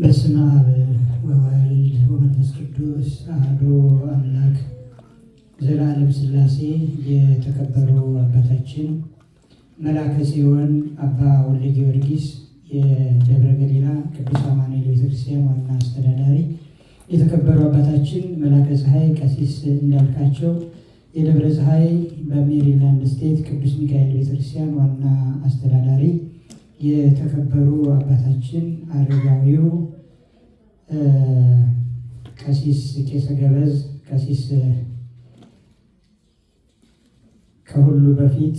በስመ አብ ወወልድ ወመንፈስ ቅዱስ አሐዱ አምላክ ዘላለም ሥላሴ። የተከበሩ አባታችን መላከ ጽዮን አባ ወልደ ጊዮርጊስ የደብረ ገሊላ ቅዱስ አማኑኤል ቤተክርስቲያን ዋና አስተዳዳሪ፣ የተከበሩ አባታችን መላከ ፀሐይ ቀሲስ እንዳልካቸው የደብረ ፀሐይ በሜሪላንድ ስቴት ቅዱስ ሚካኤል ቤተክርስቲያን ዋና አስተዳዳሪ የተከበሩ አባታችን አረጋዊው ቀሲስ ቄሰ ገበዝ ቀሲስ ከሁሉ በፊት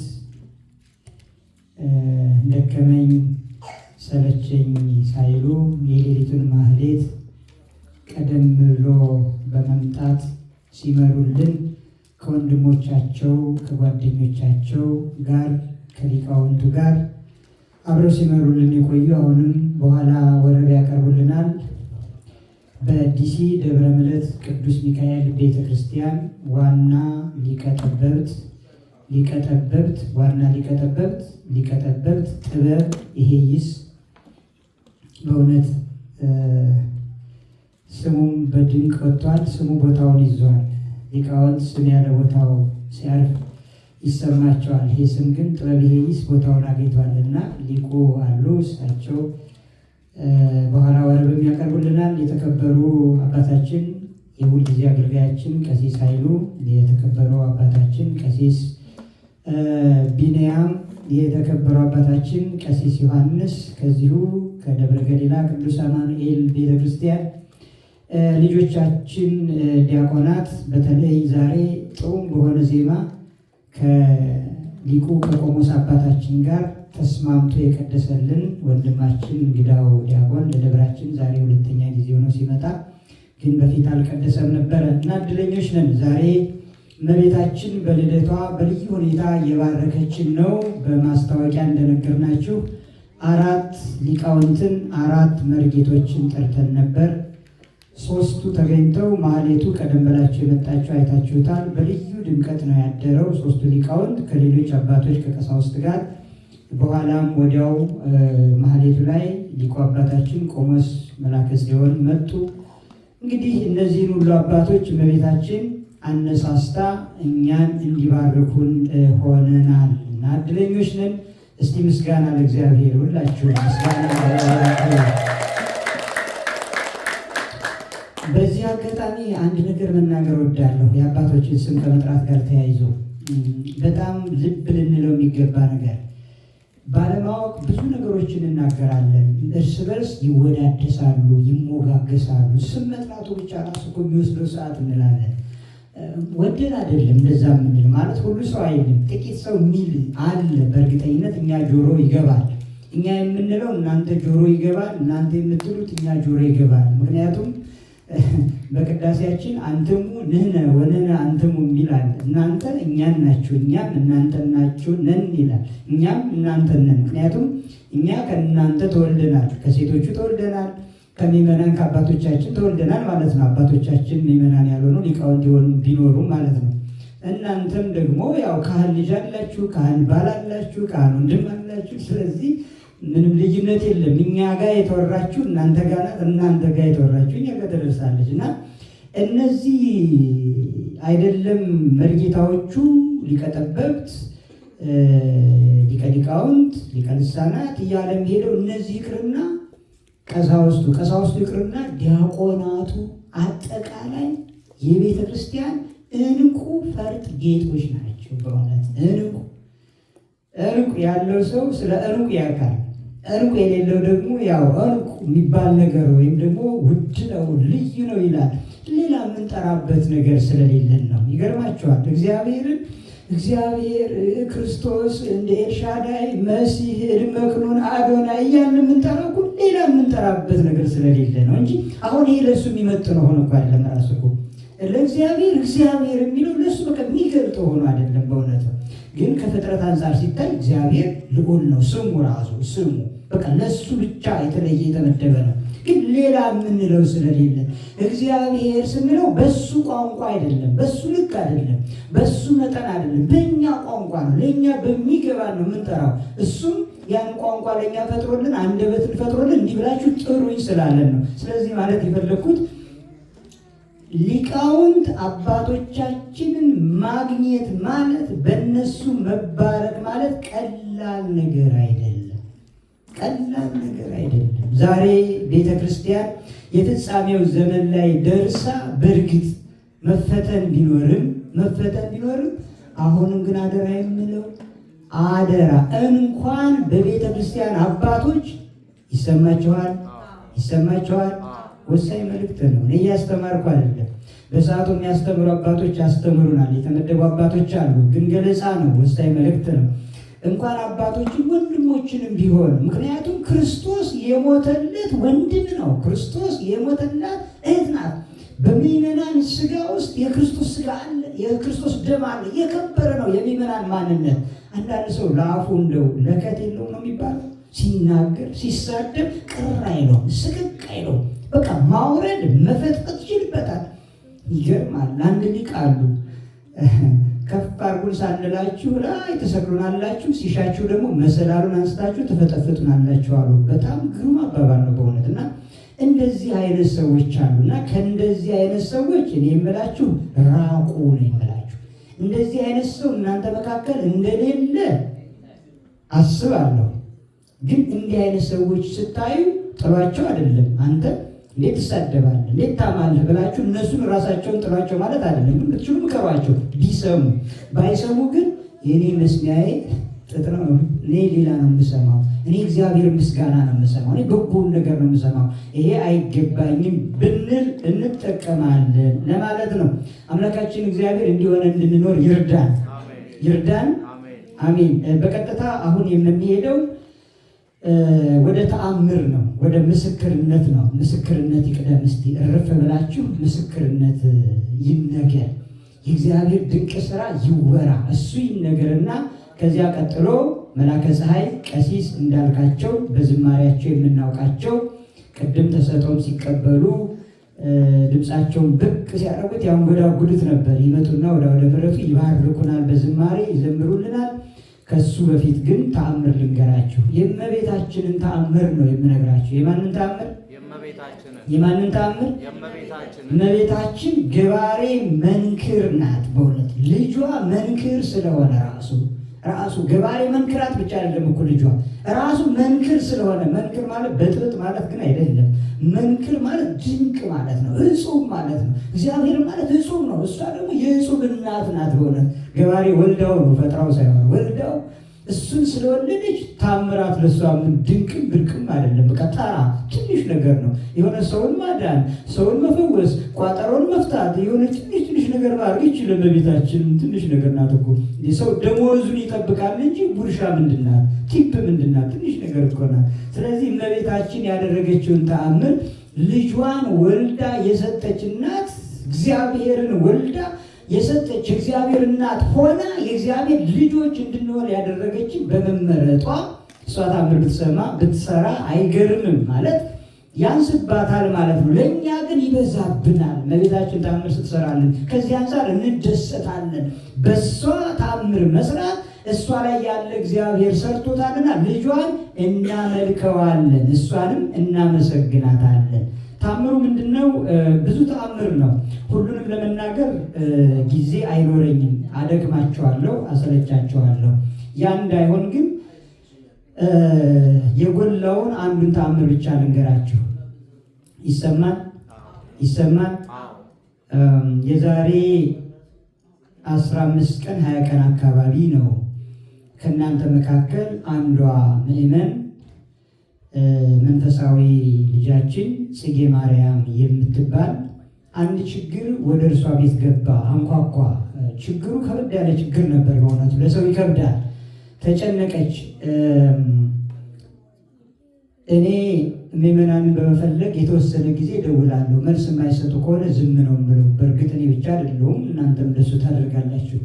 ደከመኝ ሰለቸኝ ሳይሉ የሌሊቱን ማህሌት ቀደም ብሎ በመምጣት ሲመሩልን ከወንድሞቻቸው ከጓደኞቻቸው ጋር ከሊቃውንቱ ጋር አብረው ሲመሩልን የቆዩ አሁንም በኋላ ወረብ ያቀርቡልናል። በዲሲ ደብረ ምሕረት ቅዱስ ሚካኤል ቤተ ክርስቲያን ዋና ሊቀጠበብት ሊቀጠበብት ዋና ሊቀጠበብት ሊቀጠበብት ጥበብ ይሄይስ በእውነት ስሙም በድንቅ ወጥቷል። ስሙ ቦታውን ይዟል። ሊቃውንት ስም ያለ ቦታው ሲያርፍ ይሰማቸዋል። ይሄ ስም ግን ጥበብሄይስ ቦታውን አግኝቷልና ሊቁ አሉ። እሳቸው በኋላ ወረብም ያቀርቡልናል። የተከበሩ አባታችን የሁል ጊዜ አገልጋያችን ቀሲስ ኃይሉ፣ የተከበሩ አባታችን ቀሲስ ቢንያም፣ የተከበሩ አባታችን ቀሲስ ዮሐንስ ከዚሁ ከደብረ ገሊላ ቅዱስ አማኑኤል ቤተክርስቲያን ልጆቻችን ዲያቆናት በተለይ ዛሬ ጥዑም በሆነ ዜማ ከሊቁ ከቆሞስ አባታችን ጋር ተስማምቶ የቀደሰልን ወንድማችን እንግዳው ዲያቆን ለደብራችን ዛሬ ሁለተኛ ጊዜ ሆኖ ሲመጣ ግን በፊት አልቀደሰም ነበረ እና እድለኞች ነን። ዛሬ እመቤታችን በልደቷ በልዩ ሁኔታ እየባረከችን ነው። በማስታወቂያ እንደነገርናችሁ አራት ሊቃውንትን አራት መርጌቶችን ጠርተን ነበር። ሶስቱ ተገኝተው ማህሌቱ ቀደም ብላችሁ የመጣችሁ አይታችሁታል። በልዩ ድምቀት ነው ያደረው። ሶስቱ ሊቃውንት ከሌሎች አባቶች ከቀሳውስት ጋር በኋላም ወዲያው ማህሌቱ ላይ ሊቁ አባታችን ቆሞስ መላከ ጽዮን መጡ። እንግዲህ እነዚህን ሁሉ አባቶች እመቤታችን አነሳስታ እኛን እንዲባርኩን ሆነናል እና እድለኞች ነን። እስቲ ምስጋና ለእግዚአብሔር ሁላችሁ ምስጋና በዚህ አጋጣሚ አንድ ነገር መናገር ወዳለሁ የአባቶችን ስም ከመጥራት ጋር ተያይዞ በጣም ልብ ልንለው የሚገባ ነገር ባለማወቅ ብዙ ነገሮችን እናገራለን። እርስ በርስ ይወዳደሳሉ፣ ይሞጋገሳሉ። ስም መጥራቱ ብቻ ራሱ እኮ የሚወስደው ሰዓት እንላለን። ወደን አይደለም እንደዛ የምንል ማለት ሁሉ ሰው አይልም። ጥቂት ሰው የሚል አለ። በእርግጠኝነት እኛ ጆሮ ይገባል። እኛ የምንለው እናንተ ጆሮ ይገባል፣ እናንተ የምትሉት እኛ ጆሮ ይገባል። ምክንያቱም በቅዳሴያችን አንትሙ ንህነ ወነነ አንተሙ የሚላል እናንተ እኛን ናችሁ፣ እኛም እናንተ ናችሁ ነን ይላል። እኛም እናንተ ነን። ምክንያቱም እኛ ከእናንተ ተወልደናል፣ ከሴቶቹ ተወልደናል፣ ከሚመናን ከአባቶቻችን ተወልደናል ማለት ነው። አባቶቻችን ሚመናን ያልሆኑ ሊቃውንት ቢኖሩ ማለት ነው። እናንተም ደግሞ ያው ካህን ልጅ አላችሁ፣ ካህን ባል አላችሁ፣ ካህን ወንድም አላችሁ። ስለዚህ ምንም ልዩነት የለም። እኛ ጋር የተወራችሁ እናንተ ጋር እናንተ ጋር የተወራችሁ እኛ ጋር ትደርሳለች። እና እነዚህ አይደለም መርጌታዎቹ ሊቀጠበብት ሊቀ ሊቃውንት ሊቀ እያለ ሄደው እነዚህ ይቅርና ቀሳውስቱ ቀሳውስቱ ይቅርና ዲያቆናቱ አጠቃላይ የቤተ ክርስቲያን እንቁ ፈርጥ ጌጦች ናቸው። በእውነት እንቁ እንቁ ያለው ሰው ስለ እንቁ ያካል እርቁ የሌለው ደግሞ ያው እርቁ የሚባል ነገር ወይም ደግሞ ውድ ነው ልዩ ነው ይላል። ሌላ የምንጠራበት ነገር ስለሌለን ነው። ይገርማቸዋል። እግዚአብሔርን እግዚአብሔር ክርስቶስ እንደ ኤልሻዳይ መሲህ እድመክኑን አዶና እያን የምንጠራው ሌላ የምንጠራበት ነገር ስለሌለ ነው እንጂ አሁን ይሄ ለእሱ የሚመጥ ነው ሆነ እኮ አይደለም። ራሱ እኮ ለእግዚአብሔር እግዚአብሔር የሚለው ለእሱ በቃ የሚገልጠው ሆኖ አይደለም በእውነት ነው። ግን ከፍጥረት አንጻር ሲታይ እግዚአብሔር ልዑል ነው። ስሙ ራሱ ስሙ በቃ ለሱ ብቻ የተለየ የተመደበ ነው። ግን ሌላ የምንለው ስለሌለ እግዚአብሔር ስንለው በሱ ቋንቋ አይደለም፣ በሱ ልክ አይደለም፣ በሱ መጠን አይደለም። በእኛ ቋንቋ ነው፣ ለእኛ በሚገባ ነው የምንጠራው። እሱም ያን ቋንቋ ለእኛ ፈጥሮልን አንደበትን ፈጥሮልን እንዲህ ብላችሁ ጥሩኝ ስላለን ነው። ስለዚህ ማለት የፈለግኩት ሊቃውንት አባቶቻችንን ማግኘት ማለት በእነሱ መባረቅ ማለት ቀላል ነገር አይደለም። ቀላል ነገር አይደለም። ዛሬ ቤተ ክርስቲያን የፍጻሜው ዘመን ላይ ደርሳ በእርግጥ መፈተን ቢኖርም መፈተን ቢኖርም አሁንም ግን አደራ የምለው አደራ እንኳን በቤተ ክርስቲያን አባቶች ይሰማችኋል፣ ይሰማችኋል ወሳኝ መልእክት ነው። እኔ እያስተማርኩ አይደለም። በሰዓቱ የሚያስተምሩ አባቶች ያስተምሩናል። የተመደቡ አባቶች አሉ፣ ግን ገለጻ ነው፣ ወሳኝ መልእክት ነው። እንኳን አባቶችን ወንድሞችንም ቢሆን ምክንያቱም ክርስቶስ የሞተለት ወንድም ነው። ክርስቶስ የሞተላት እህት ናት። በምዕመናን ስጋ ውስጥ የክርስቶስ ስጋ አለ፣ የክርስቶስ ደም አለ። የከበረ ነው የሚመናን ማንነት። አንዳንድ ሰው ለአፉ እንደው ለከት የለው ነው የሚባለው። ሲናገር ሲሳደብ ቅር አይለው፣ ስቅቅ አይለው ማውረድ መፈጥቀጥ ይችልበታል። ይገርማል። አንድ ሊቅ አሉ ከፍ አርጉን ሳንላችሁ ላይ ተሰቅሉናላችሁ፣ ሲሻችሁ ደግሞ መሰላሉን አንስታችሁ ተፈጠፍጡናላችሁ አሉ። በጣም ግሩም አባባል ነው በእውነት እና እንደዚህ አይነት ሰዎች አሉ እና ከእንደዚህ አይነት ሰዎች እኔ የምላችሁ ራቁ ነው የምላችሁ። እንደዚህ አይነት ሰው እናንተ መካከል እንደሌለ አስባለሁ። ግን እንዲህ አይነት ሰዎች ስታዩ ጥሏቸው አይደለም አንተ እኔ ትሳደባለህ፣ እኔ ታማለህ ብላችሁ እነሱን ራሳቸውን ጥሏቸው ማለት አይደለም። የምትችሉ ምከሯቸው፣ ቢሰሙ ባይሰሙ ግን የእኔ መስሚያዬ ጥጥ ነው፣ እኔ ሌላ ነው የምሰማው፣ እኔ እግዚአብሔር ምስጋና ነው የምሰማው፣ እኔ በጎን ነገር ነው የምሰማው፣ ይሄ አይገባኝም ብንል እንጠቀማለን ለማለት ነው። አምላካችን እግዚአብሔር እንዲሆነ እንድንኖር ይርዳን፣ ይርዳን። አሜን። በቀጥታ አሁን የምንሄደው ወደ ተአምር ነው፣ ወደ ምስክርነት ነው። ምስክርነት ይቅደም። እስቲ እርፍ ብላችሁ ምስክርነት ይነገር፣ የእግዚአብሔር ድንቅ ስራ ይወራ፣ እሱ ይነገርና ከዚያ ቀጥሎ መላከ ፀሐይ ቀሲስ እንዳልካቸው በዝማሪያቸው የምናውቃቸው ቅድም ተሰጠውም ሲቀበሉ ድምፃቸውን ብቅ ሲያደርጉት ያንጎዳጉዱት ነበር። ይመጡና ወደ ወደ ምሕረቱ ይባርኩናል፣ በዝማሬ ይዘምሩልናል። ከሱ በፊት ግን ተአምር ልንገራችሁ። የእመቤታችንን ተአምር ነው የምነግራችሁ። የማንን ተአምር? የማንን ተአምር? እመቤታችን ገባሬ መንክር ናት። በእውነት ልጇ መንክር ስለሆነ ራሱ ራሱ ገባሬ መንክራት ብቻ አይደለም እኮ ልጇ ራሱ መንክር ስለሆነ፣ መንክር ማለት በጥብጥ ማለት ግን አይደለም። መንክር ማለት ድንቅ ማለት ነው፣ እጹብ ማለት ነው። እግዚአብሔር ማለት እጹብ ነው። እሷ ደግሞ የእጹብ እናት ናት በእውነት ገባሬ ወልዳው ነው ፈጥራው ሳይሆን ወልዳው እሱን ስለወለደች ታምራት ለሷ ድንቅም ብርቅም አይደለም። በቃ ተራ ትንሽ ነገር ነው። የሆነ ሰውን ማዳን፣ ሰውን መፈወስ፣ ቋጠሮን መፍታት የሆነ ትንሽ ትንሽ ነገር ማድረግ ይችላል። በቤታችን ትንሽ ነገር ናት እኮ ሰው ደሞዙን ይጠብቃል እንጂ ቡርሻ ምንድናት? ቲፕ ምንድናት? ትንሽ ነገር እኮ ናት። ስለዚህ እመቤታችን ያደረገችውን ተአምር ልጇን ወልዳ የሰጠች እናት እግዚአብሔርን ወልዳ የሰጠች እግዚአብሔር እናት ሆና የእግዚአብሔር ልጆች እንድንሆን ያደረገችን በመመረጧ እሷ ታምር ብትሰማ ብትሰራ አይገርምም ማለት ያንስባታል ማለት ነው። ለእኛ ግን ይበዛብናል። መቤታችን ታምር ስትሰራለን ከዚህ አንጻር እንደሰታለን። በእሷ ታምር መስራት እሷ ላይ ያለ እግዚአብሔር ሰርቶታልና ልጇን እናመልከዋለን፣ እሷንም እናመሰግናታለን። ታምሩ ምንድነው? ብዙ ተአምር ነው። ሁሉንም ለመናገር ጊዜ አይኖረኝም። አደክማቸዋለሁ፣ አሰለቻቸዋለሁ። ያ እንዳይሆን ግን የጎላውን አንዱን ተአምር ብቻ ልንገራችሁ። ይሰማል ይሰማል። የዛሬ አስራ አምስት ቀን ሀያ ቀን አካባቢ ነው ከእናንተ መካከል አንዷ ምእመን መንፈሳዊ ልጃችን ጽጌ ማርያም የምትባል አንድ ችግር ወደ እርሷ ቤት ገባ፣ አንኳኳ። ችግሩ ከበድ ያለ ችግር ነበር። በእውነቱ ለሰው ይከብዳል። ተጨነቀች። እኔ ምእመናንን በመፈለግ የተወሰነ ጊዜ ደውላለሁ መልስ የማይሰጡ ከሆነ ዝም ነው የምለው። በእርግጥ እኔ ብቻ አይደለሁም፣ እናንተም እንደሱ ታደርጋላችሁ።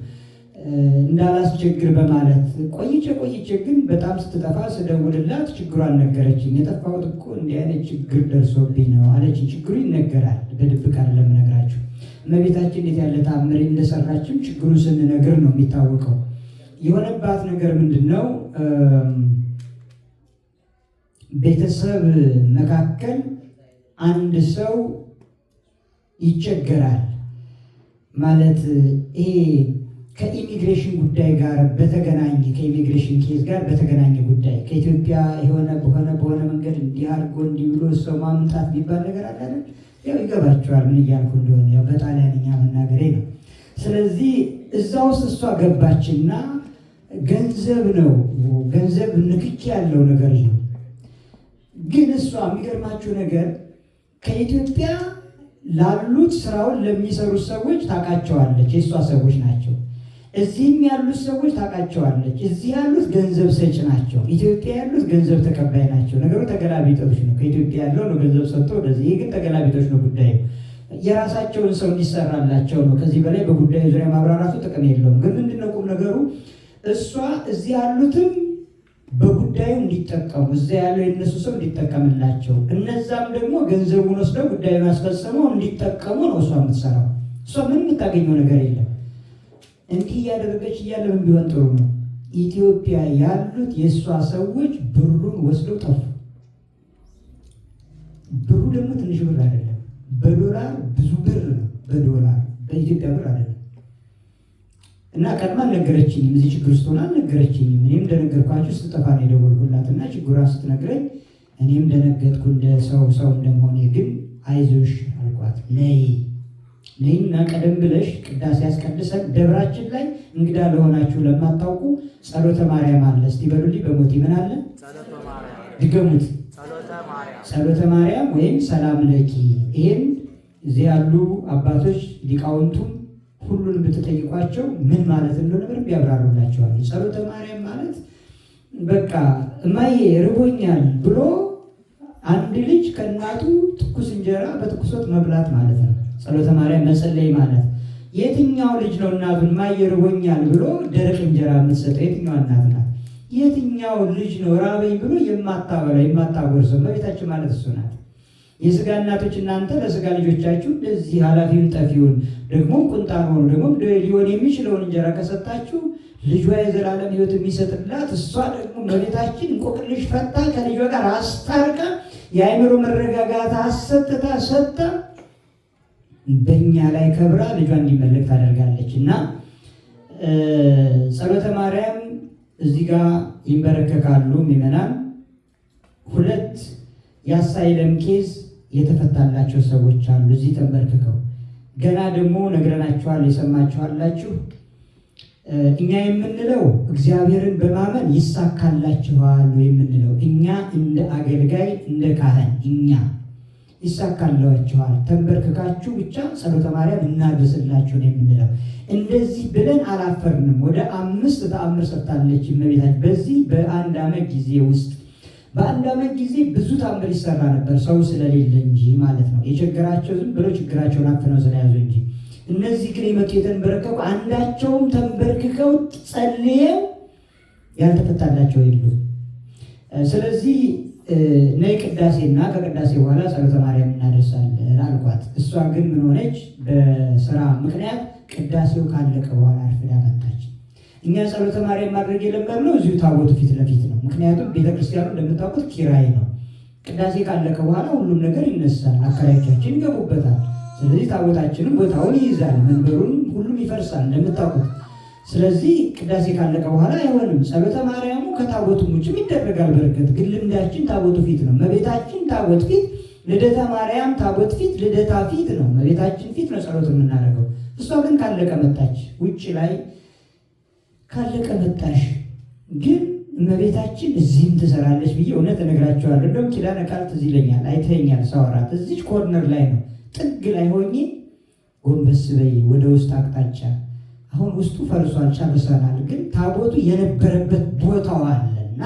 እንዳላስቸግር በማለት ቆይቼ ቆይቼ ግን በጣም ስትጠፋ ስደውልላት ችግሯ ነገረችኝ። የጠፋሁት እኮ እንዲህ አይነት ችግር ደርሶብኝ ነው አለችኝ። ችግሩ ይነገራል፣ በድብቅ አይደለም እነግራችሁ። እመቤታችን እንዴት ያለ ተአምር እንደሰራችም ችግሩ ስንነግር ነው የሚታወቀው። የሆነባት ነገር ምንድን ነው? ቤተሰብ መካከል አንድ ሰው ይቸገራል ማለት ይሄ ከኢሚግሬሽን ጉዳይ ጋር በተገናኘ ከኢሚግሬሽን ኬዝ ጋር በተገናኘ ጉዳይ ከኢትዮጵያ የሆነ በሆነ በሆነ መንገድ እንዲህ አድርጎ እንዲህ ብሎ ሰው ማምጣት የሚባል ነገር አላለን። ያው ይገባቸዋል ምን እያልኩ እንደሆነ ያው በጣሊያንኛ መናገሬ ነው። ስለዚህ እዛ ውስጥ እሷ ገባችና ገንዘብ ነው ገንዘብ ንክኪ ያለው ነገር ነው። ግን እሷ የሚገርማችሁ ነገር ከኢትዮጵያ ላሉት ስራውን ለሚሰሩት ሰዎች ታውቃቸዋለች። የእሷ ሰዎች ናቸው። እዚህም ያሉት ሰዎች ታውቃቸዋለች። እዚህ ያሉት ገንዘብ ሰጭ ናቸው። ኢትዮጵያ ያሉት ገንዘብ ተቀባይ ናቸው። ነገሩ ተገላቢጦች ነው። ከኢትዮጵያ ያለው ነው ገንዘብ ሰጥቶ ወደዚህ። ይህ ግን ተገላቢጦች ነው ጉዳዩ። የራሳቸውን ሰው እንዲሰራላቸው ነው። ከዚህ በላይ በጉዳዩ ዙሪያ ማብራራቱ ጥቅም የለውም። ግን ምንድነው ቁም ነገሩ? እሷ እዚህ ያሉትም በጉዳዩ እንዲጠቀሙ እዛ ያለው የነሱ ሰው እንዲጠቀምላቸው፣ እነዛም ደግሞ ገንዘቡን ወስደው ጉዳዩን አስፈጽመው እንዲጠቀሙ ነው እሷ የምትሰራው። እሷ ምን የምታገኘው ነገር የለም። እንዲህ እያደረገች እያለም ቢሆን ጥሩ ነው። ኢትዮጵያ ያሉት የእሷ ሰዎች ብሩን ወስደው ጠፉ። ብሩ ደግሞ ትንሽ ብር አይደለም፣ በዶላር ብዙ ብር ነው። በዶላር በኢትዮጵያ ብር አይደለም። እና ቀድማ አልነገረችኝም። እዚህ ችግር ውስጥ ሆና አልነገረችኝም። እኔም እንደነገርኳቸው ስትጠፋ ነው የደወልኩላት እና ችግሯን ስትነግረኝ እኔም ደነገጥኩ። እንደ ሰው ሰው እንደመሆኔ ግን አይዞሽ አልኳት ነይ ነይና ቀደም ብለሽ ቅዳሴ ያስቀድሰን ደብራችን ላይ እንግዳ ለሆናችሁ ለማታውቁ ጸሎተ ማርያም አለ። እስቲ በሉልኝ በሞቴ ምን አለ? ድገሙት። ጸሎተ ማርያም ወይም ሰላም ለኪ። ይህን እዚህ ያሉ አባቶች ሊቃውንቱም ሁሉን ብትጠይቋቸው ምን ማለት እንደሆነ በደንብ ያብራሩላቸዋል። ጸሎተ ማርያም ማለት በቃ እማዬ ርቦኛል ብሎ አንድ ልጅ ከእናቱ ትኩስ እንጀራ በትኩሶት መብላት ማለት ነው። ጸሎተ ማርያም መጸለይ ማለት የትኛው ልጅ ነው እናቱን ማየርቦኛል ብሎ ደረቅ እንጀራ የምትሰጠው የትኛው እናት ናት? የትኛው ልጅ ነው ራበኝ ብሎ የማታበላ የማታጎርሰው መቤታችን ማለት እሱ ናት። የስጋ እናቶች እናንተ ለስጋ ልጆቻችሁ ለዚህ ኃላፊውን ጠፊውን ደግሞ ቁንጣን ሆኑ ደግሞ ሊሆን የሚችለውን እንጀራ ከሰጣችሁ ልጇ የዘላለም ሕይወት የሚሰጥላት እሷ ደግሞ መቤታችን እንቆቅልሽ ፈታ ከልጇ ጋር አስታርቃ የአይምሮ መረጋጋት አሰጥታ ሰጥታ በእኛ ላይ ከብራ ልጇ እንዲመለክ ታደርጋለች እና ጸሎተ ማርያም እዚህ ጋር ይንበረከካሉ ምዕመናን። ሁለት የአሳይለም ኬዝ የተፈታላቸው ሰዎች አሉ። እዚህ ተንበርክከው ገና ደግሞ ነግረናችኋል፣ የሰማችኋላችሁ። እኛ የምንለው እግዚአብሔርን በማመን ይሳካላችኋል የምንለው እኛ እንደ አገልጋይ እንደ ካህን እኛ ይሳካላችኋል፣ ተንበርክካችሁ ብቻ ጸሎተ ማርያም እናድርስላችሁ ነው የምንለው። እንደዚህ ብለን አላፈርንም። ወደ አምስት ተአምር ሰርታለች እመቤታችን በዚህ በአንድ ዓመት ጊዜ ውስጥ በአንድ ዓመት ጊዜ ብዙ ታምር ይሰራ ነበር፣ ሰው ስለሌለ እንጂ ማለት ነው። የቸገራቸው ዝም ብሎ ችግራቸውን አፍነው ስለያዙ እንጂ። እነዚህ ግን የመጡ የተንበረከቁ አንዳቸውም ተንበርክከው ጸልየው ያልተፈታላቸው የሉ። ስለዚህ ነይ እና ከቅዳሴ በኋላ ጸሎተ ማርያም እናደርሳለን አልኳት። እሷ ግን ምን ሆነች? በስራ ምክንያት ቅዳሴው ካለቀ በኋላ አርፍዳ መጣች። እኛ ጸሎተ ማርያም ማድረግ የለመድነው እዚሁ ታቦቱ ፊት ለፊት ነው። ምክንያቱም ቤተክርስቲያኑ እንደምታውቁት ኪራይ ነው። ቅዳሴ ካለቀ በኋላ ሁሉም ነገር ይነሳል፣ አከራዮቻችን ይገቡበታል። ስለዚህ ታቦታችንም ቦታውን ይይዛል፣ መንበሩን ሁሉም ይፈርሳል እንደምታውቁት ስለዚህ ቅዳሴ ካለቀ በኋላ አይሆንም። ጸሎተ ማርያሙ ከታቦቱ ውጭም ይደረጋል። በረከት ግን ልምዳችን ታቦቱ ፊት ነው። መቤታችን ታቦት ፊት፣ ልደተ ማርያም ታቦት ፊት፣ ልደታ ፊት ነው። መቤታችን ፊት ነው ጸሎት የምናደርገው። እሷ ግን ካለቀ መጣች። ውጭ ላይ ካለቀ መጣሽ። ግን እመቤታችን እዚህም ትሰራለች ብዬ እውነት እነግራቸዋለሁ። እንደውም ኪዳነ ቃል ትዝ ይለኛል። አይተኛል ሰዋራት እዚች ኮርነር ላይ ነው ጥግ ላይ ሆኜ ጎንበስ በይ ወደ ውስጥ አቅጣጫ አሁን ውስጡ ፈርሷል፣ ጨርሰናል። ግን ታቦቱ የነበረበት ቦታው አለና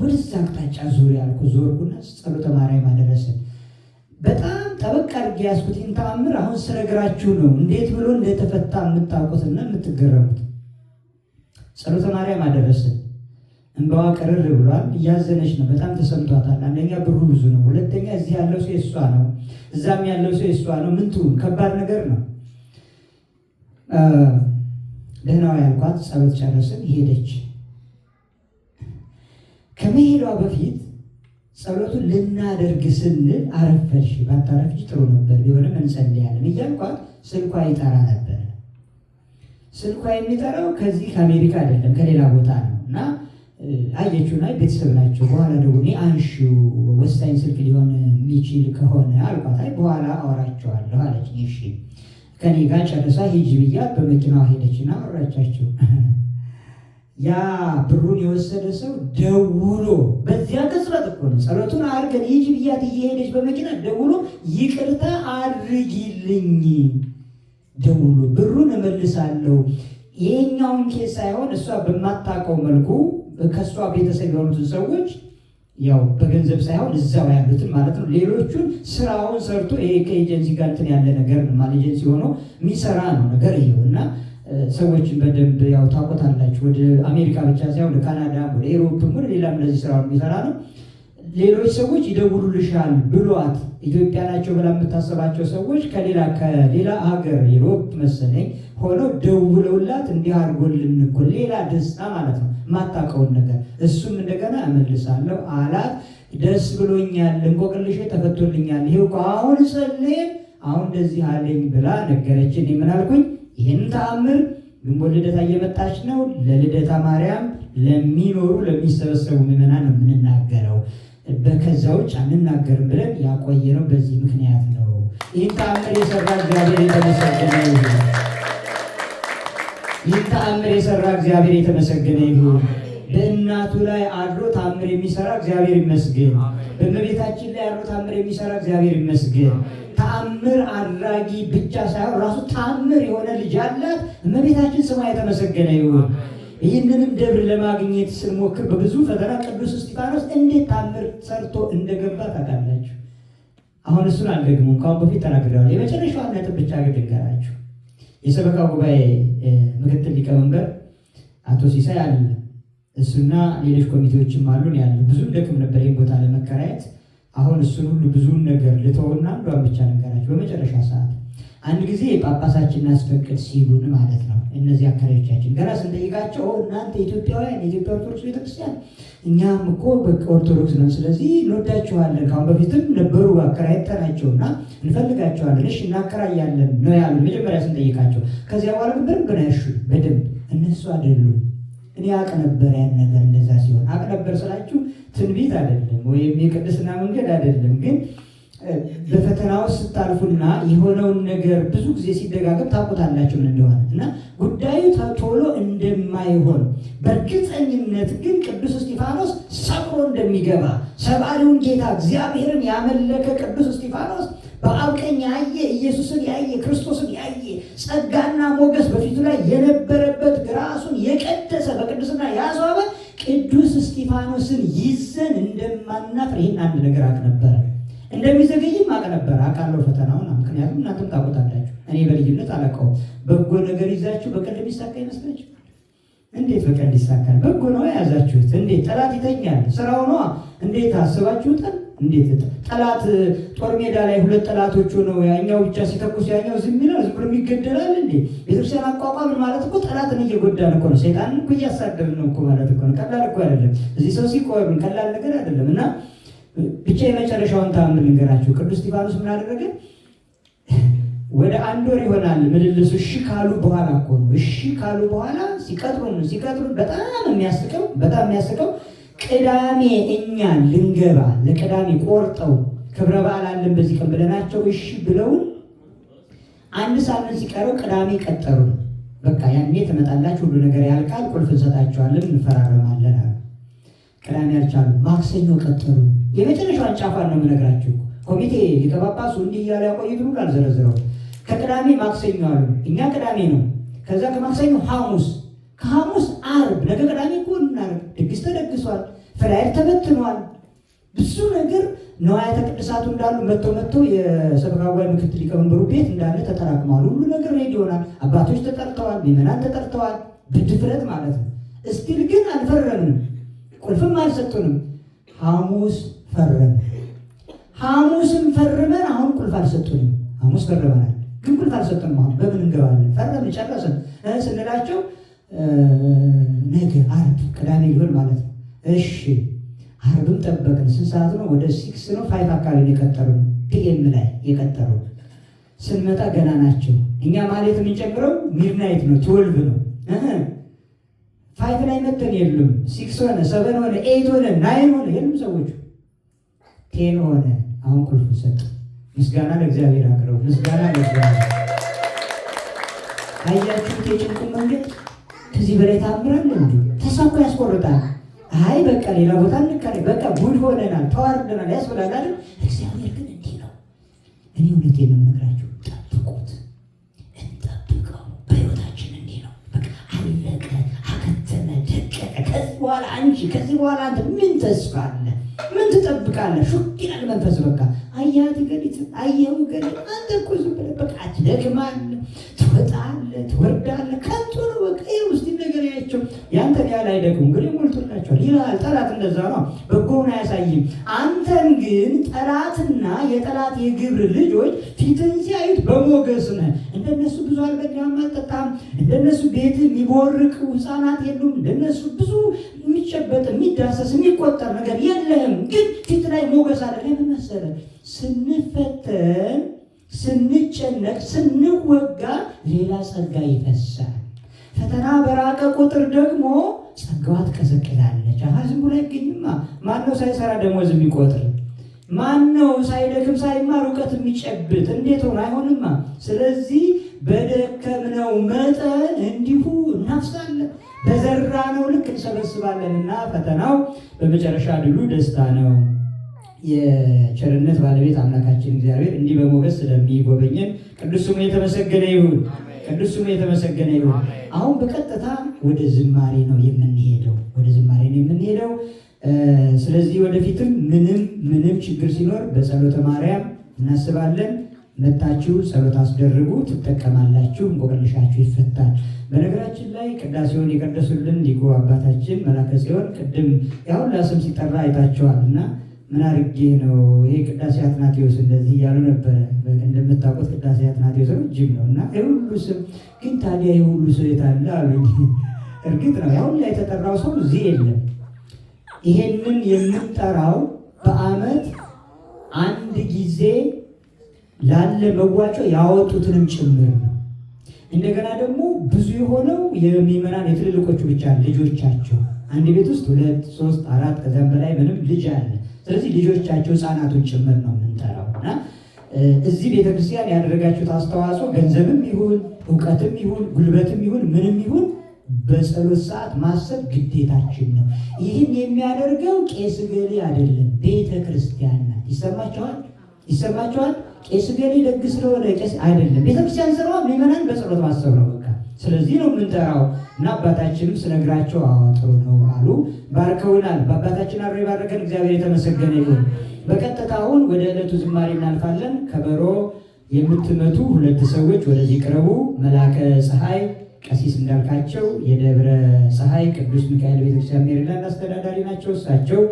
ወደዛ አቅጣጫ ዙር ያልኩ ዞርኩና ጸሎተ ማርያም አደረሰን። በጣም ጠበቅ አድርጌ ያዝኩት። ይህን ተአምር አሁን ስነግራችሁ ነው እንዴት ብሎ እንደተፈታ የምታውቁትና የምትገረሙት። ጸሎተ ማርያም አደረሰን። እንባዋ ቀረር ብሏል። እያዘነች ነው። በጣም ተሰምቷታል። አንደኛ ብሩ ብዙ ነው፣ ሁለተኛ እዚህ ያለው ሰው የሷ ነው፣ እዛም ያለው ሰው የሷ ነው። ምንትሁን ከባድ ነገር ነው። ደህናው ያልኳት ጸሎት ጨረስን፣ ሄደች። ከመሄዷ በፊት ጸሎቱን ልናደርግ ስንል አረፈድሽ፣ ባታረፍሽ ጥሩ ነበር፣ ቢሆንም እንጸልያለን እያልኳት ስልኳ ይጠራ ነበር። ስልኳ የሚጠራው ከዚህ ከአሜሪካ አይደለም ከሌላ ቦታ ነው እና አየችው ላይ ቤተሰብ ናቸው። በኋላ ደግሞ አንሹ ወሳኝ ስልክ ሊሆን የሚችል ከሆነ አልኳት። አይ በኋላ አወራቸዋለሁ አለች። እሺ ከኔ ጋር ጨርሳ ሂጂ ብያት በመኪናዋ ሄደችና አወራቻቸው። ያ ብሩን የወሰደ ሰው ደውሎ በዚያ ቅጽበት እኮ ነው ጸሎቱን አድርገን ሂጂ ብያት እየሄደች በመኪና ደውሎ ይቅርታ አድርጊልኝ፣ ደውሎ ብሩን እመልሳለሁ። ይሄኛውን ኬስ ሳይሆን እሷ በማታውቀው መልኩ ከእሷ ቤተሰብ የሆኑትን ሰዎች ያው በገንዘብ ሳይሆን እዛው ያሉትን ማለት ነው። ሌሎቹን ስራውን ሰርቶ ይሄ ከኤጀንሲ ጋር እንትን ያለ ነገር ማለት ኤጀንሲ ሆኖ የሚሰራ ነው ነገር ይኸው እና ሰዎችን በደንብ ያው ታውቆታላችሁ። ወደ አሜሪካ ብቻ ሳይሆን ወደ ካናዳ፣ ወደ ኤሮፕ፣ ወደ ሌላም ለዚህ ስራ የሚሰራ ነው። ሌሎች ሰዎች ይደውሉልሻል ብሏት ኢትዮጵያ ናቸው ብላ የምታሰባቸው ሰዎች ከሌላ ከሌላ ሀገር ሮፕ መሰለኝ ሆነው ደውለውላት እንዲህ አድርጎልን እኮ ሌላ ደስታ ማለት ነው፣ የማታውቀውን ነገር እሱም እንደገና እመልሳለሁ አላት። ደስ ብሎኛል፣ እንቆቅልሽ ተፈቶልኛል፣ ይሄ እኮ አሁን ጸልየን አሁን እንደዚህ አለኝ ብላ ነገረችን። ምን አልኩኝ? ይህን ተአምር ግንቦት ልደታ እየመጣች ነው። ለልደታ ማርያም ለሚኖሩ ለሚሰበሰቡ ምዕመናን ነው የምንናገረው። በከዛ ውጭ አንናገርም ብለን ያቆየነው በዚህ ምክንያት ነው። ይህን ተአምር የሰራ እግዚአብሔር የተመሰገነ ይሁን። ይህን ተአምር የሰራ እግዚአብሔር የተመሰገነ ይሁን። በእናቱ ላይ አድሮ ተአምር የሚሰራ እግዚአብሔር ይመስገን። በእመቤታችን ላይ አድሮ ተአምር የሚሰራ እግዚአብሔር ይመስገን። ተአምር አድራጊ ብቻ ሳይሆን ራሱ ተአምር የሆነ ልጅ አላት። እመቤታችን ስማ የተመሰገነ ይሁን። ይህንንም ደብር ለማግኘት ስንሞክር በብዙ ፈተና ቅዱስ እስጢፋኖስ እንዴት ታምር ሰርቶ እንደገባ ታውቃላችሁ። አሁን እሱን አልደግሞም፣ ከአሁን በፊት ተናግረዋል። የመጨረሻ ነጥብ ብቻ ግን ልንገራችሁ። የሰበካ ጉባኤ ምክትል ሊቀመንበር አቶ ሲሳይ አለ፣ እሱና ሌሎች ኮሚቴዎችም አሉን ያሉ ብዙ ደክም ነበር ይህን ቦታ ለመከራየት። አሁን እሱን ሁሉ ብዙውን ነገር ልተውና አንዷን ብቻ ልንገራችሁ በመጨረሻ ሰዓት አንድ ጊዜ ጳጳሳችን እናስፈቅድ ሲሉን ማለት ነው። እነዚህ አካባቢዎቻችን ገና ስንጠይቃቸው እናንተ ኢትዮጵያውያን የኢትዮጵያ ኦርቶዶክስ ቤተክርስቲያን እኛም እኮ በቃ ኦርቶዶክስ ነው፣ ስለዚህ እንወዳችኋለን። ከአሁን በፊትም ነበሩ አከራይተናቸው እና እንፈልጋቸዋለን፣ እሺ እናከራያለን ነው ያሉ መጀመሪያ ስንጠይቃቸው። ከዚያ በኋላ ግን በደንብ ነው ያሹ በደንብ እነሱ አይደሉም። እኔ አቅ ነበር ያን ነገር እንደዛ ሲሆን አቅ ነበር ስላችሁ ትንቢት አይደለም ወይም የቅድስና መንገድ አይደለም ግን በፈተና ውስጥ ስታልፉና የሆነውን ነገር ብዙ ጊዜ ሲደጋገም ታውቁታላችሁ እንደሆነ እና ጉዳዩ ቶሎ እንደማይሆን በእርግጠኝነት ግን ቅዱስ እስጢፋኖስ ሰብሮ እንደሚገባ ሰባሪውን ጌታ እግዚአብሔርን ያመለከ ቅዱስ እስጢፋኖስ በአብ ቀኝ ያየ ኢየሱስን ያየ ክርስቶስን ያየ ጸጋና ሞገስ በፊቱ ላይ የነበረበት ራሱን የቀደሰ በቅዱስና ያስዋበ ቅዱስ እስጢፋኖስን ይዘን እንደማናፍር ይህን አንድ ነገር አቅ ነበረ እንደሚዘገይም አቅ ነበር አውቃለሁ ፈተናውን። ምክንያቱም እናንተም ታቆታላችሁ እኔ በልጅነት አላውቀውም። በጎ ነገር ይዛችሁ በቀል የሚሳካ ይመስላችሁ? እንዴት በቀል ይሳካል? በጎ ነው የያዛችሁት። እንዴት ጠላት ይተኛል? ስራው ነዋ። እንዴት አስባችሁትን እንዴት ጠላት ጦር ሜዳ ላይ ሁለት ጠላቶች ሆነው ያኛው ብቻ ሲተኩስ ያኛው ዝም ይላል፣ ዝም ብሎ ይገደላል። እንዴ ቤተክርስቲያን አቋቋም ማለት እኮ ጠላትን እየጎዳን እኮ ነው። ሰይጣንን እኮ እያሳደብን ነው እኮ ማለት እኮ ነው። ቀላል እኮ አይደለም። እዚህ ሰው ሲቆም ቀላል ነገር አይደለም እና ብቻ የመጨረሻውን ተአምር ልንገራችሁ። ቅዱስ እስጢፋኖስ ምን አደረገ? ወደ አንድ ወር ይሆናል ምልልሱ። እሺ ካሉ በኋላ እኮ ነው። እሺ ካሉ በኋላ ሲቀጥሩን ሲቀጥሩን በጣም የሚያስቀው በጣም የሚያስቀው ቅዳሜ እኛ ልንገባ ለቅዳሜ ቆርጠው ክብረ በዓል አለን በዚህ ቀን ብለናቸው እሺ ብለውን አንድ ሳምንት ሲቀረው ቅዳሜ ቀጠሩ። በቃ ያኔ ትመጣላችሁ፣ ሁሉ ነገር ያልቃል፣ ቁልፍ እንሰጣችኋለን፣ እንፈራረማለን አሉ። ቅዳሜ አልቻሉ፣ ማክሰኞ ቀጠሩ። የመጨረሻዋን ጫፏን ነው የምነግራችሁ። ኮሚቴ ሊቀ ጳጳሱ እንዲህ እያለ ያቆዩት ሁሉ አልዘረዝረው። ከቅዳሜ ማክሰኞ አሉ። እኛ ቅዳሜ ነው። ከዛ ከማክሰኞ ሐሙስ፣ ከሐሙስ አርብ፣ ነገ ቅዳሜ እኮ ድግስ ተደግሷል። ፍላየር ተበትኗል። ብዙ ነገር ነዋያተ ቅድሳቱ እንዳሉ መጥተው መጥተው የሰበካ ጉባኤ ምክትል ሊቀመንበሩ ቤት እንዳለ ተጠራቅመዋል። ሁሉ ነገር ሬድ ይሆናል። አባቶች ተጠርተዋል። ምዕመናን ተጠርተዋል። ብድፍረት ማለት ነው። እስቲል ግን አልፈረምንም። ቁልፍም አልሰጡንም። ሐሙስ ፈረም። ሐሙስም ፈርመን አሁን ቁልፍ አልሰጡንም። ሐሙስ ፈርመናል፣ ግን ቁልፍ አልሰጡንም። አሁን በምን እንገባለን? ፈርመን ጨረስን ስንላቸው ነገ አርብ ቅዳሜ ይሆን ማለት ነው። እሺ አርብም ጠበቅን። ስንት ሰዓት ነው? ወደ ሲክስ ነው ፋይቭ አካባቢ ነው የቀጠሩ ፒኤም ላይ የቀጠሩ ስንመጣ ገና ናቸው። እኛ ማለት የምንጨምረው ሚድናይት ነው ትወልቭ ነው። ፋይቭ ላይ መተን የሉም። ሲክስ ሆነ፣ ሰቨን ሆነ፣ ኤይት ሆነ፣ ናይን ሆነ የሉም ሰዎቹ ቴን ሆነ። አሁን ቁልፍ ሰጥ። ምስጋና ለእግዚአብሔር አቅርቡ። ምስጋና ለእግዚአብሔር አያችሁት? የጭንቁን መንገድ ከዚህ በላይ ታምራል እንዲ ተሳኮ ያስቆርጣል። አይ በቃ ሌላ ቦታ እንካለ በቃ ጉድ ሆነናል፣ ተዋርደናል ያስብላል አይደል? እግዚአብሔር ግን እንዲህ ነው። እኔ እውነት የምነግራችሁ ጠብቁት፣ እንጠብቀው። በህይወታችን እንዲህ ነው። በቃ አለቀ፣ አከተመ፣ ደቀቀ። ከዚህ በኋላ አንቺ ከዚህ በኋላ አንተ ምን ተስፋ አለ? ምን ትጠብቃለህ? ሹክ ይላል መንፈስ። በቃ አያት ገሊት አየው ገሊ አንተ እኮ ዝም ብለህ በቃ ትደክማለህ፣ ትወጣለህ፣ ትወርዳለህ። ከንቱ ነው በቃ ይህ ውስጥ አልተገኘችም። ያንተን ያህል አይደግም እንግዲህ ሞልቶላቸዋል ይልሃል። ጠላት እንደዛ ነው፣ በጎውን አያሳይም። አንተን ግን ጠላትና የጠላት የግብር ልጆች ፊትን ሲያዩት በሞገስ ነህ። እንደነሱ ብዙ አልበላህም፣ አልጠጣም። እንደነሱ ቤት የሚቦርቅ ህፃናት የሉም። እንደነሱ ብዙ የሚጨበጥ የሚዳሰስ የሚቆጠር ነገር የለህም። ግን ፊት ላይ ሞገስ አለ። ለምን መሰለህ? ስንፈተን ስንጨነቅ ስንወጋ ሌላ ጸጋ ይፈሳል። ፈተና በራቀ ቁጥር ደግሞ ጸጋዋ ትቀዘቅዛለች። አሀ ዝም ብሎ አይገኝማ። ማን ነው ሳይሰራ ደሞዝ የሚቆጥር? ማን ነው ሳይደክም ሳይማር እውቀት የሚጨብጥ? እንዴት ሆነ? አይሆንማ። ስለዚህ በደከምነው መጠን እንዲሁ እናፍሳለን፣ በዘራነው ልክ እንሰበስባለን እና ፈተናው በመጨረሻ ድሉ ደስታ ነው። የቸርነት ባለቤት አምላካችን እግዚአብሔር እንዲህ በሞገስ ስለሚጎበኘን ቅዱስ ስሙ የተመሰገነ ይሁን። ቅዱስ ስሙ የተመሰገነ ይሁን። አሁን በቀጥታ ወደ ዝማሬ ነው የምንሄደው፣ ወደ ዝማሬ ነው የምንሄደው። ስለዚህ ወደፊትም ምንም ምንም ችግር ሲኖር በጸሎተ ማርያም እናስባለን። መታችሁ ጸሎት አስደርጉ፣ ትጠቀማላችሁ፣ እንቆቅልሻችሁ ይፈታል። በነገራችን ላይ ቅዳሴውን የቀደሱልን ሊጎ አባታችን መላከ ጽዮን ቅድም ያሁላ ላስም ሲጠራ አይታችኋል እና ምን አድርጌ ነው ይሄ ቅዳሴ አትናቴዎስ እንደዚህ እያሉ ነበረ። እንደምታውቁት ቅዳሴ አትናቴዎስ እጅግ ነው እና የሁሉ ስም ግን ታዲያ የሁሉ ሰው አለ አሉ። እርግጥ ነው ያሁን ላይ የተጠራው ሰው እዚህ የለም። ይሄንን የምንጠራው በአመት አንድ ጊዜ ላለ መዋጮ ያወጡትንም ጭምር ነው። እንደገና ደግሞ ብዙ የሆነው የሚመናን የትልልቆቹ ብቻ ልጆቻቸው አንድ ቤት ውስጥ ሁለት ሶስት አራት ከዛም በላይ ምንም ልጅ አለ። ስለዚህ ልጆቻቸው ህፃናቱን ጭምር ነው የምንጠራው እና እዚህ ቤተክርስቲያን ያደረጋችሁት አስተዋጽኦ ገንዘብም ይሁን እውቀትም ይሁን ጉልበትም ይሁን ምንም ይሁን በጸሎት ሰዓት ማሰብ ግዴታችን ነው። ይህን የሚያደርገው ቄስ ገሌ አይደለም፣ ቤተ ክርስቲያን ናት። ይሰማችኋል? ይሰማችኋል? ቄስ ገሌ ደግ ስለሆነ ቄስ አይደለም። ቤተክርስቲያን ስራዋ ምዕመናን በጸሎት ማሰብ ነው። ስለዚህ ነው የምንጠራው። እና አባታችንም ስነግራቸው አዋጥሮ ነው አሉ። ባርከውናል። በአባታችን አብሮ የባረከን እግዚአብሔር የተመሰገነ ይሁን። በቀጥታ አሁን ወደ ዕለቱ ዝማሬ እናልፋለን። ከበሮ የምትመቱ ሁለት ሰዎች ወደዚህ ቅረቡ። መላከ ፀሐይ ቀሲስ እንዳልካቸው የደብረ ፀሐይ ቅዱስ ሚካኤል ቤተክርስቲያን ሜሪላንድ አስተዳዳሪ ናቸው። እሳቸው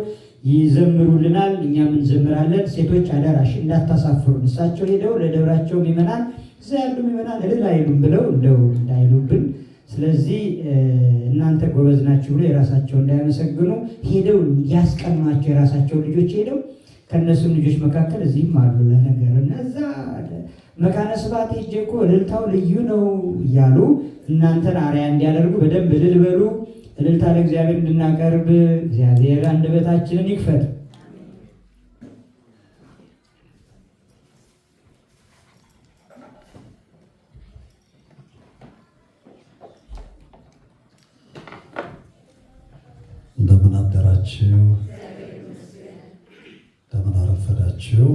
ይዘምሩልናል፣ እኛም እንዘምራለን። ሴቶች አዳራሽ እንዳታሳፍሩን። እሳቸው ሄደው ለደብራቸው ይመናል እዛ ያሉ ምዕመናን እልል አይሉም ብለው እንደው እንዳይሉብን። ስለዚህ እናንተ ጎበዝ ናችሁ ብሎ የራሳቸው እንዳያመሰግኑ ሄደው ያስቀኗቸው የራሳቸው ልጆች ሄደው ከእነሱም ልጆች መካከል እዚህም አሉ ለነገር እና እዛ መካነ ሄጄ እኮ እልልታው ልዩ ነው እያሉ እናንተን አርያ እንዲያደርጉ በደንብ እልል በሉ። እልልታ ለእግዚአብሔር እንድናቀርብ እግዚአብሔር አንደበታችንን ይክፈት። ዋላችሁ? ለምን አረፈዳችሁ?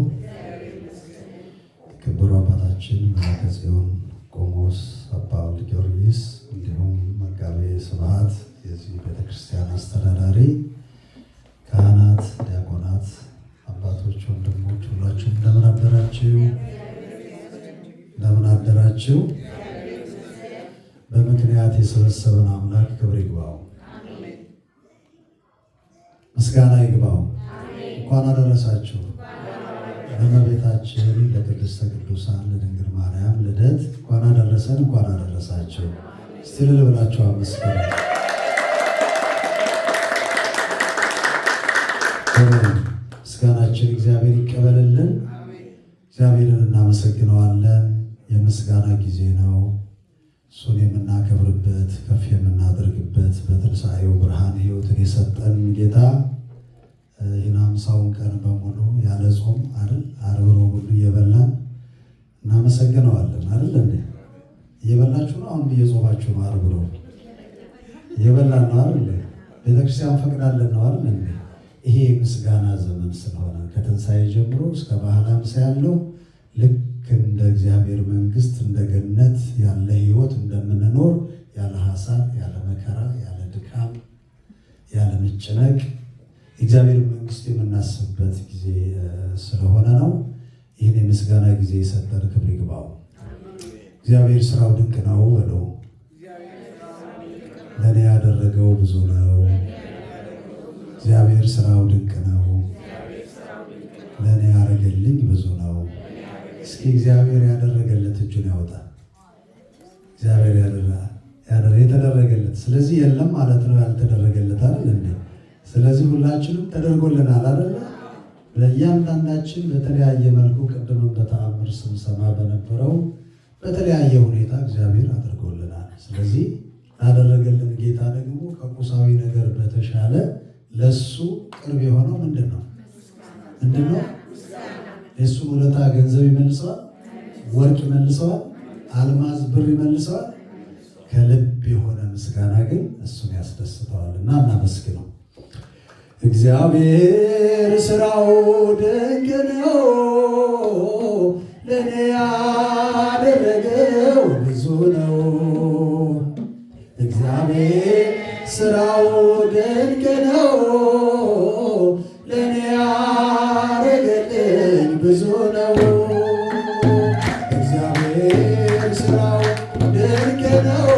ክቡር አባታችን መልአከ ጽዮን ቆሞስ አባ ወልደ ጊዮርጊስ እንዲሁም መጋቤ ስብሐት የዚህ ቤተክርስቲያን አስተዳዳሪ፣ ካህናት፣ ዲያቆናት፣ አባቶች፣ ወንድሞች ሁላችሁ እንደምን አደራችሁ? እንደምን አደራችሁ? በምክንያት የሰበሰበን አምላክ ክብር ይግባው። ምስጋና ይግባው። እንኳን አደረሳችሁ ለመቤታችን ለቅድስተ ቅዱሳን ለድንግል ማርያም ልደት እንኳን አደረሰን፣ እንኳን አደረሳችሁ። እስቲ እልል ብላችሁ አመስግኑ። ምስጋናችን እግዚአብሔር ይቀበልልን። እግዚአብሔርን እናመሰግነዋለን። የምስጋና ጊዜ ነው። እሱን የምናከብርበት ከፍ የምናደርግበት በትንሣኤው ብርሃን ሕይወትን የሰጠን ጌታ ይህን ሃምሳውን ቀን በሙሉ ያለ ጾም አይደል አርብ ነው ሁሉ እየበላን እናመሰግነዋለን። አይደል እንዴ እየበላችሁ ነው። አሁን እየጾማችሁ ነው። አርብ ነው እየበላን ነው አይደል ቤተክርስቲያን ፈቅዳለን ነው አይደል እንዴ ይሄ ምስጋና ዘመን ስለሆነ ከትንሣኤ ጀምሮ እስከ በዓለ ሃምሳ ያለው ልክ እንደ እግዚአብሔር መንግስት እንደ ገነት ያለ ህይወት እንደምንኖር ያለ ሀሳብ ያለ መከራ፣ ያለ ድካም፣ ያለ መጨነቅ እግዚአብሔር መንግስቱ የምናስብበት ጊዜ ስለሆነ ነው። ይህን የምስጋና ጊዜ የሰጠን ክብር ይግባው። እግዚአብሔር ስራው ድንቅ ነው በለው። ለእኔ ያደረገው ብዙ ነው። እግዚአብሔር ስራው ድንቅ ነው። ለእኔ ያደረገልኝ ብዙ ነው። እስኪ እግዚአብሔር ያደረገለት እጁን ያወጣል። እግዚአብሔር የተደረገለት ስለዚህ የለም ማለት ነው። ያልተደረገለት አይደል እንዴ? ስለዚህ ሁላችንም ተደርጎልናል አይደለ? ለእያንዳንዳችን በተለያየ መልኩ ቅድምም በተአምር ስንሰማ በነበረው በተለያየ ሁኔታ እግዚአብሔር አድርጎልናል። ስለዚህ ላደረገልን ጌታ ደግሞ ከቁሳዊ ነገር በተሻለ ለሱ ቅርብ የሆነው ምንድን ነው? ምንድን ነው? የእሱ ውለታ ገንዘብ ይመልሰዋል፣ ወርቅ ይመልሰዋል፣ አልማዝ ብር ይመልሰዋል። ከልብ የሆነ ምስጋና ግን እሱን ያስደስተዋል እና እናመስግነው። እግዚአብሔር ስራው ድንቅ ነው፣ ለእኔ ያደረገው ብዙ ነው። እግዚአብሔር ስራው ድንቅ ነው፣ ለእኔ ያደረገልኝ ብዙ ነው። እግዚአብሔር ስራው ድንቅ ነው